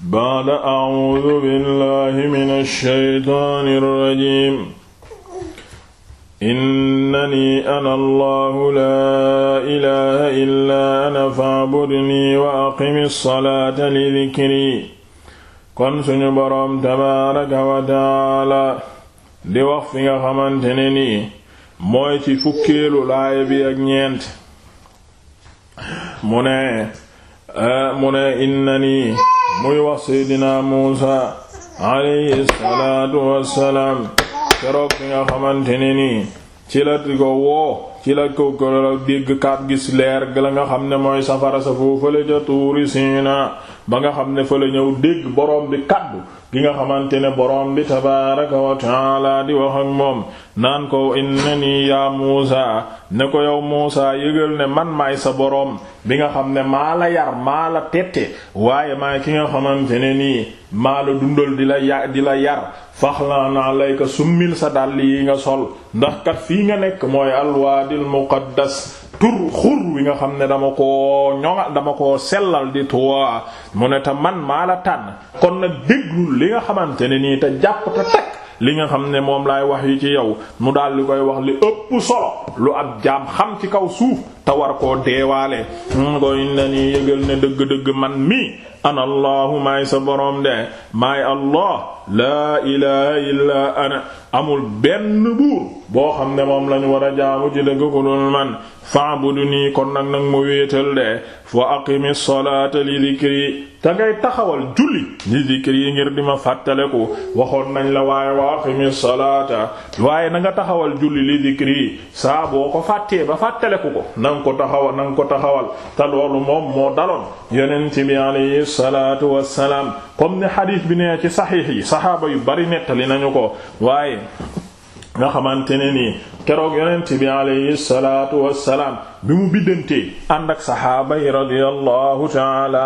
baada acuudu billahi min alsheytaani alrajim innani ana allahu laa ilaha illaa ana faabudnii wa aqimi alsalaata li dikri kon suñu boroom tabaaraka wa taala di wax fi nga xamante ne nii mooy ci fukkeelu laaya bi ak ñeent mu ne eh, mu ne innani muy wax seydina Muusa alayhi salaatu wassalaam keroog bi nga xamante ne nii ci la di woo ci la ko ko dégg kat gis leer la nga xam ne mooy safara sa foofu fële tuuri Siina ba nga xam ne fa la ñëw dégg boroom bi kaddu gi nga xamante ne boroom bi tabaaraka wa taala di wax ak moom naan ko innani yaa Muusaa ne ko yow Muusaa yëgal ne man may sa boroom bi nga xam ne maa la yar maa la tette waaye maay ki nga xamante ne nii maa la dundal di la yar di la yar faxlan alayka summil sa dàll yi nga sol ndax kat fii nga nekk mooy alwaadil muqaddas tur xur wi nga xam ne dama ko ñoŋa dama ko sellal di tuwa mu ne te man maa la tànn kon nag déglul li nga xamante ne nii te jàpp te takk li nga xam ne moom lay wax yi ci yow mu daal di koy wax li ëpp solo lu ab jaam xam ci kaw suuf te war koo deewaale mun mm, ko inna nii yëgal ne dëgg-dëgg man mi ana allahu maay sa boroom de maay allah laa ilaha illa ana amul benn buur boo xam ne moom lañu war a jaamu ci dëgg ko dul du fa'buduni kon nag nag mu wéetal de fa aqimi salaata li dikri te ngay taxawal julli li dikri ngir di ma fàttaleku waxoon nañ la waaye wa aqimi salaata waaye na nga taxawal julli li dikri saa boo ko fàttee ba fàttaleku ko nanga ko taxawal nanga ko taxawal te loolu moom moo daloon yonent bi alayhi salaatu wassalaam comme ni xadiis bi nee ci saxiix yi saxaaba yu bari nettali nañu ko waaye nga xamante ne nii keroog yonent bi alayhi salaatu wassalaam bi mu biddantee ànd ak saxaaba yi radiyallahu taala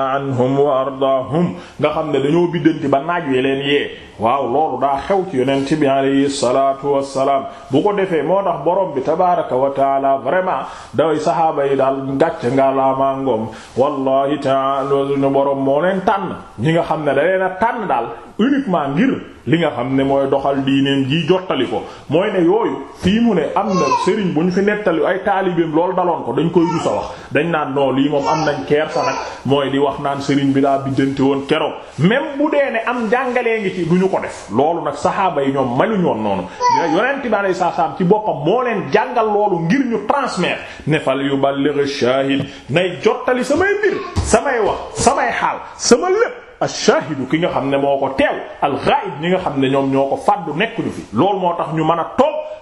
wa ardaahum nga xam ne dañoo biddanti ba naaj wi leen yee waaw loolu daa xew ci yonent bi alayhi salaatu wassalaam bu ko defee moo tax borom bi tabaaraka wa taala vraiment daway saxaaba yi daal gàcc nga laamaa ngoom wallahi taala ñu borom moo leen tànn ñi nga xam ne da leen tànn daal uniquement ngir li nga xam ne mooy doxal diineem ji jottali ko mooy ne yooyu fii mu ne am na sëriñ bu ñu fi nettali ay taalibeem loolu ko dañ koy rusa wax dañ naan non lii moom am nañ keer sa nag mooy di wax naan sëriñ bi daa biddanti woon keroog même bu dee ne am jàngalee ngi ci du ñu ko def loolu nag saxaaba yi ñoom manuñu woon noonu yonent bi alayhi salaam ci boppam moo leen jàngal loolu ngir ñu transmettre ne fal yuballigh shahid nay jottali samay mbir samay wax samay xaal sama lépp ash-shahidu ki nga xam ne moo ko teew al-ghaib ñi nga xam ne ñoom ñoo ko fàddu nekkuñu fi loolu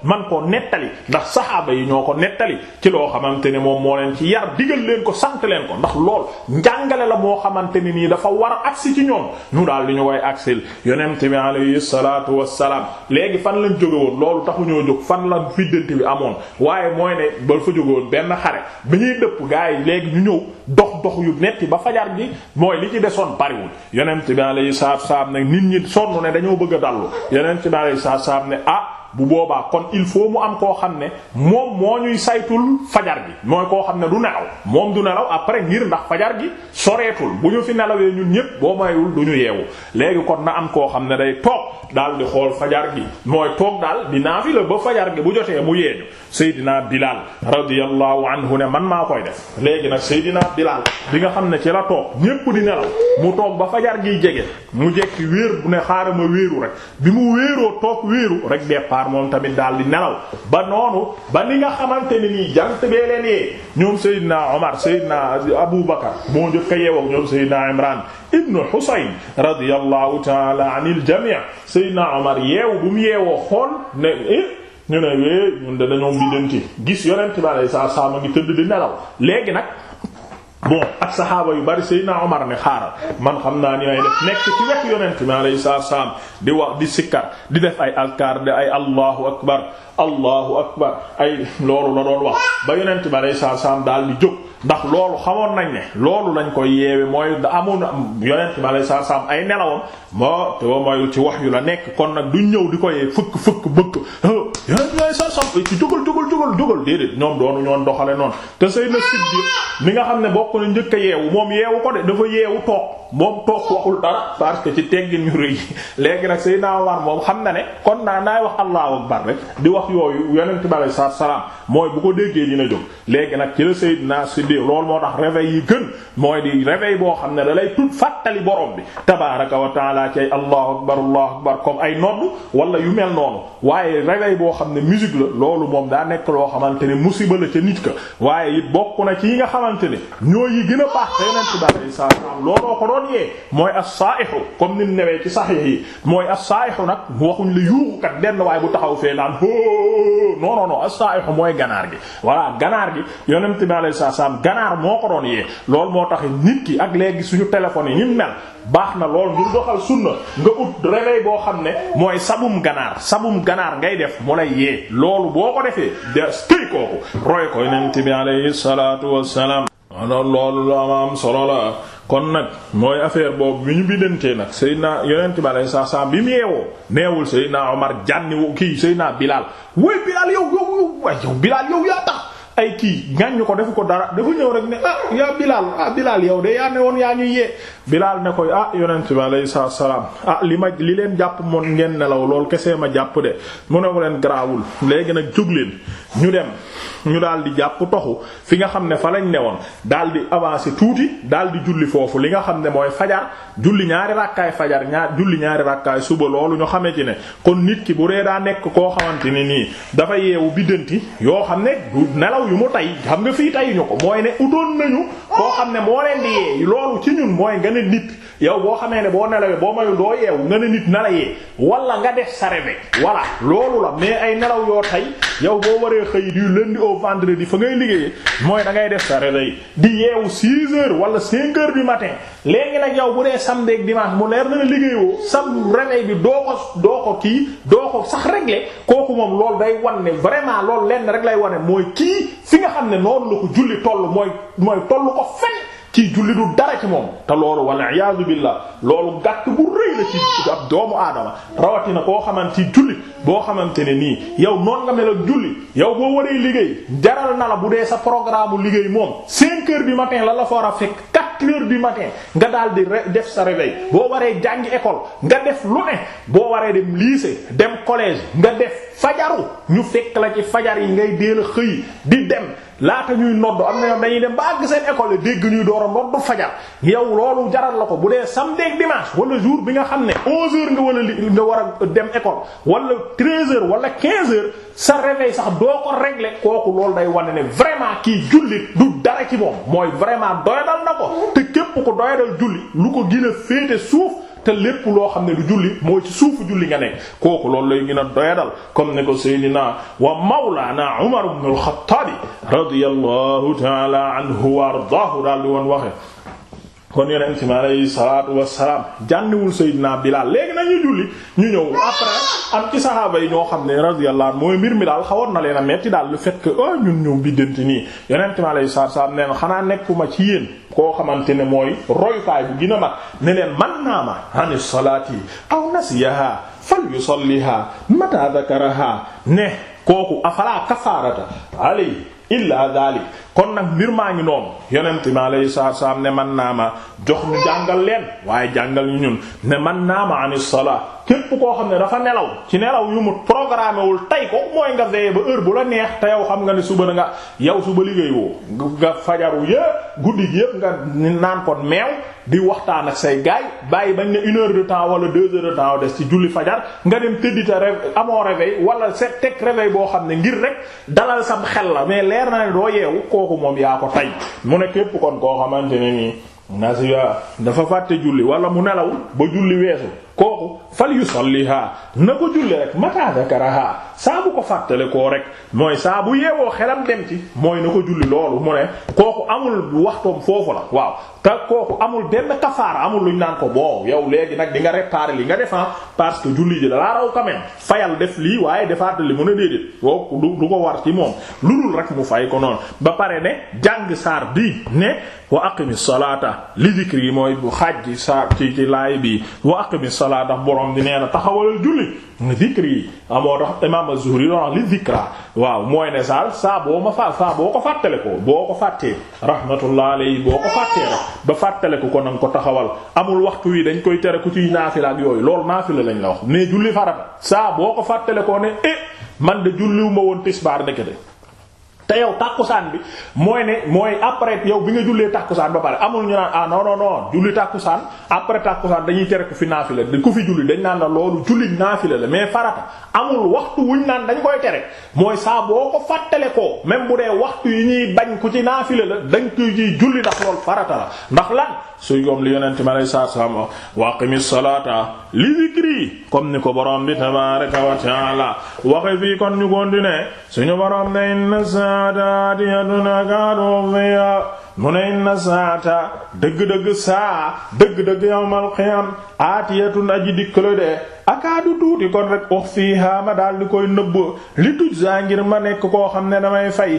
man koo nettali ndax saxaaba yi ñoo ko nettali ci loo xamante ne moom moo leen ci yar digal leen ko sant leen ko ndax lool njàngale la moo xamante ne nii dafa war a agsi ci ñoom ñu daal di ñu koy agsil yonent bi alayhi salaatu wassalaam léegi fan lañ jóge woon loolu taxu fan la fiddante bi amoon waaye mooy ne ba fa jóge benn xare bi ñuy dëpp gaa yi léegi ñu ñëw dox dox yu netti ba fajar gi mooy li ci desoon bariwul yonent bi alayhi salaatu wassalaam nag nit ñi sonn ne dañoo bëgg a dallu yonent bi alayhi salaatu wassalaam ne ah bu boobaa kon il faut mu am koo xam ne moom moo ñuy saytul fajar gi mooy koo xam ne du nelaw moom du nelaw après ngir ndax fajar gi soreetul bu ñu fi nelawee ñun ñépp boo mayul du ñu yeewu léegi kon na am koo xam ne day toog daal di xool fajar gi mooy toog daal di naafila ba fajar gi bu jotee mu yeeñu Seydina Bilal radiyallahu anhu ne man maa koy def léegi nag Seydina Bilal bi nga xam ne ci la toog ñépp di nelaw mu toog ba fajar giy jege mu jekki wéer bu ne xaaral ma wéeru rek bi mu wéeroo toog wéeru kaffaar tamit daal di nelaw ba noonu ba ni nga xamante ni nii jant bee leen yee ñoom Seydina Omar Seydina Abu Bakar moo njëkk a yeewoo ñoom Seydina ibn Husayn radiyallahu taala anil jami' Seydina Omar yeewu bu mu yeewoo xool ne eh, ñu ne eh, ñun de dañoo biddanti gis yonent bi alayhi salaam a ngi tëdd di nelaw léegi nag. bon ak saxaaba yu bari Seydina Omar ne xaaral man xam naa ni may def nekk ci wet yonent mi alayhi salaatu salaam di wax di sikkar di def ay alkaar di ay allahu akbar allahu akbar ay loolu la doon wax ba yonent mi alayhi salaatu salaam daal di jóg ndax loolu xamoon nañ ne loolu lañ koy yeewe mooy da amoon yonent mi alayhi salaatu salaam ay nelawam moo te mooy ci wax yu la nekk kon nag du ñëw di koy fëkk fëkk bëkk lay sar sam jógal jógal jógal jógal déedéet ñoom doonu ñoon doxale noonu te Seydina Siddiq mi nga xam ne bokk na njëkk a yeewu moom yeewu ko de dafa yeewu toog moom toog waxul dara parce que ci teggin ñu rëy léegi nag Seydina Umar moom xam na ne kon naa naay wax allahu akbar rek di wax yooyu yonent bi alei salatua salaam mooy bu ko déggee dina jóg léegi nag ci la Seydina Siddiq loolu moo tax réveil yi gën mooy di réveil boo xam ne da lay tut fàttali borom bi tabaraka wa taala ci allahu akbar allahu akbar comme ay nodd wala yu mel noonu musique la loolu moom daa nekk loo xamante ne musiba la ca nit ka waaye it bokk na ci yi nga xamante ne ñooy yi gën a baax te yonent bi alayhi salaam looloo ko doon yee mooy as-saa'ihu comme ni mu newee ci saxiix yi mooy a saaihu nag waxuñ la yuuxukat benn waaye bu taxaw fee naan non non non as-saa'ihu mooy ganaar gi voilà ganaar gi yonent bi alayhi salaam ganaar moo ko doon yee loolu moo tax nit ki ak léegi suñu téléphone yi ñu mel baax na lool ngir doxal sunna nga ut réveil boo xam ne mooy sabum ganaar sabum ganaar ngay def mu lay yee loolu boo ko defee des tëy kooku roy ko yonent bi alayhi salaatu wassalaam kon nag mooy affaire boobu bi ñu bindantee nag Seydina yonent bi alayhi salaatu wassalaam bi mu yeewoo neewul Seydina Omar jànniwu kii Seydina Bilal woy Bilal yow yow yaa tax ay kii gàññu ko defu ko dara dafa ñëw rek ne ah yaa Bilal ah Bilal yow de yaa ne woon yaa ñuy yee bilaal ne koy ah yonent bi alayhi salaam ah li ma li leen jàpp moom ngeen nelaw loolu kese ma jàpp de mu ne ko leen garaawul léegi nag jóg leen ñu dem ñu daal di jàpp toxu fi nga xam ne fa lañ newoon daal di avancer tuuti daal di julli foofu li nga xam ne mooy fajar julli ñaari rakkaay fajar ñaari julli ñaari rakkaay suba loolu ñu xamee ci ne kon nit ki bu dee daa nekk koo xamante ni nii dafa yeewu biddanti yoo xam ne nelaw yu mu tay xam nga fii tayuñu ko mooy ne koo xam ne moo nga ne nit yow boo xamee ne boo nelawee boo mayu doo yeewu nga ne nit na la yee wala nga def sa réveil voilà loolu la mais ay nelaw yoo tey yow boo waree xëy du lundi au vendredi fa ngay liggéeyee mooy da ngay def sa yi di yeewu 6 heures wala 5 heures du matin léegi nag yow bu dee samedi ak dimanche mu leer na la liggéeyoo sam réveil bi doo ko doo ko kii doo ko sax régler kooku moom loolu day wan ne vraiment lool lenn rek lay wane mooy kii fi xam ne noonu la ko julli kii julli du dara ci moom te loolu walla iyaazu billaah loolu gàtt bu rëy la ci ab doomu aadama rawatina koo xamante julli boo xamante ne nii yow noon nga mel julli yow boo waree liggéey jaral na la bu dee sa programme liggéey moom 5 heures du matin la la fa war a fekk quatre heures du matin nga daal di def sa réveil boo waree jàngi école nga def lu ne boo waree dem lycée dem collège nga def fajaru ñu fekk la ci fajar yi ngay deel a xëy di dem laata ñuy nodd am na yoon dañuy dem ba àgg seen école dégg ñuy door a nodd fajar yow loolu jaral la ko bu dee samedi ak dimanche wala jour bi nga xam ne onze heures nga wala li nga war a dem école wala treize heures walla quinze heures sa réveil sax doo ko régler kooku loolu day wane ne vraiment kii jullit du dara ci moom mooy vraiment te képp ko doyadal julli lu ko gën a suuf te lépp loo xam ne du julli mooy ci suufu julli nga nekk kooku loolu lay gën a doyadal comme ne ko Seydina wa Mawlaana Umar ibn al-Khattaab radiyallahu ta'ala anhu wa ardaahu daal di woon waxe kon yonent mi alayhi salaatu wassalaam jànniwul Seydina Bilaal léegi nag ñu julli ñu ñëw après am ci saxaaba yi ñoo xam ne radiyallahu mooy mbir mi daal xawoon na leen a metti daal lu fait que ah ñun ñoom biddanti nii yonent mi alayhi salaatu wassalaam neen xanaa nekkuma ci yéen koo xamante ne mooy royukaay bu gën mag ne leen man naama ani salaati aw nasiyaha fal yusalliha mata dhakaraha ne kooku afala kafaarata alay illa dhalik kon nag mbir maa ngi noonu yonent mi alayhi salaatu salaam ne man naa ma jox ñu jàngal leen waaye jàngal ñu ñun ne man naa ma ani salaa képp koo xam ne dafa nelaw ci nelaw yu mu programmé wul tey ko mooy nga veillé ba heure bu la neex te yow xam nga ne suba na nga yow suba liggéey woo nga fajaru yëpp guddi yëpp nga naan kon meew di waxtaan ak say gaay bàyyi bañ ne une de temps wala deux heures de temps des ci julli fajar nga dem tëddi te amoo réveil wala set teg boo xam ne ngir rek dalal sam xel la mais leer na ne doo kooku moom yaa ko tay mu ne képp kon koo xamante ne nii nasiya dafa fàtte julli wala mu nelaw ba julli weesu kooku fal yusalliha na ko julli rek mata zakaraha saa bu ko fàttale koo rek mooy saabu bu yeewoo xelam dem ci mooy na ko julli loolu mu ne kooku amul waxtoom foofu la waaw te kooku amul benn kafaara amul luñ naan ko boo yow léegi nag di nga réparer li nga defan ah parce que julli ji dalaa raw quand même fayal def lii waaye defaat li mën a déedéet kooku du du ko war ci moom lu dul rek mu fay ko noonu ba pare ne jàng saar bi ne wa aqimi salata li zikri mooy bu xaaj salaa ndax borom di nee na taxawalal julli zikri yi ah amoo tax imaam zuhri doon li zikra waaw mooy ne saal saa boo ma fa saa boo ko fàttale ko boo ko fàttee rahmatullah alayhi boo ko fàttee rek ba fàttale ko ko nanga ko taxawal amul waxtu wi dañ koy tere ku ciy naafila ak yooyu loolu naafila lañ la wax ne julli farata saa boo ko fàttale ko ne eh man de julliwu ma woon tisbaar ndekete te yow tàkkusaan bi mooy ne mooy après yow bi nga jullee tàkkusaan ba pare amul ñu naan ah non non non julli tàkkusaan après tàkkusaan dañuy tere ku fi naafila dañ ko fi julli dañ naan la loolu julli naafila la mais farata amul waxtu wuñ naan dañ koy tere mooy saaboo ko fàttale ko même bu dee waxtu yi ñuy bañ ku ci naafila la dañ koy ciy julli ndax loolu farata la ndax lan suy comme li yonente mi alay saatu wax wa aqimi salaata li zikri comme ni ko borom bi tabaraka wa taala waxe fii kon ñu continuer suñu borom ne inna saata atiyatun akaadu fiya mu ne inna saata dëgg-dëgg saa dëgg-dëgg yawmal qiyam aatiyatun aji dikkale de akaadu tuuti kon rek wax fii haa ma daal di koy nëbb li tuj saa ngir ma nekk koo xam ne damay fay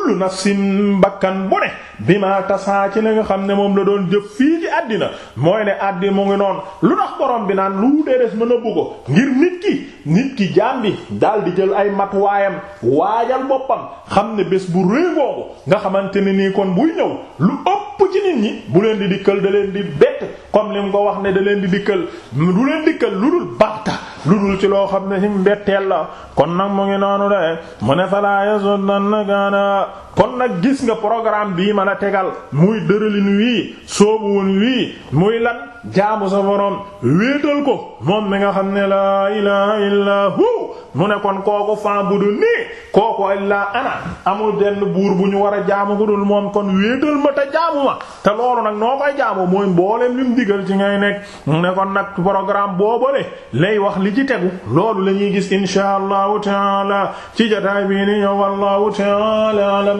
kullu nafsin bakkan bu bi ma tasaa ci la nga xam ne moom la doon jëf fii ci àddina mooy ne àddi mu ngi noon lu tax borom bi naan lu dee des mën a bëgg ngir nit ki nit ki jaam bi daal di jël ay matuwaayam waajal boppam xam ne bés bu rëy googu nga xamante ne nii kon buy ñëw lu ëpp ci nit ñi bu leen di dikkal da leen di bett comme lim ko wax ne da leen di dikkal du leen dikkal lu dul baxta lu dul ci loo xam ne ci mbetteel la kon nag mu ngi noonu de mu ne falaa yasuddannaka kon nag gis nga programme bii mën a tegal muy dërëlin wii soobuwun wii muy lan jaamu sa boroom wéetal ko moom mi nga xam ne laa ilaha illaa hu mu ne kon kooku fan bu du nii kooku illaa ana amul benn buur bu ñu war a jaamu ko dul moom kon wéetal ma te jaamu ma te loolu nag noo koy jaamu mooy mbooleem lim digal ci ngay nekk ne kon nag programme boobale lay wax li ci tegu loolu la ñuy gis inshaa allahu taala ci jotaay bii ni ñëw wallahu taala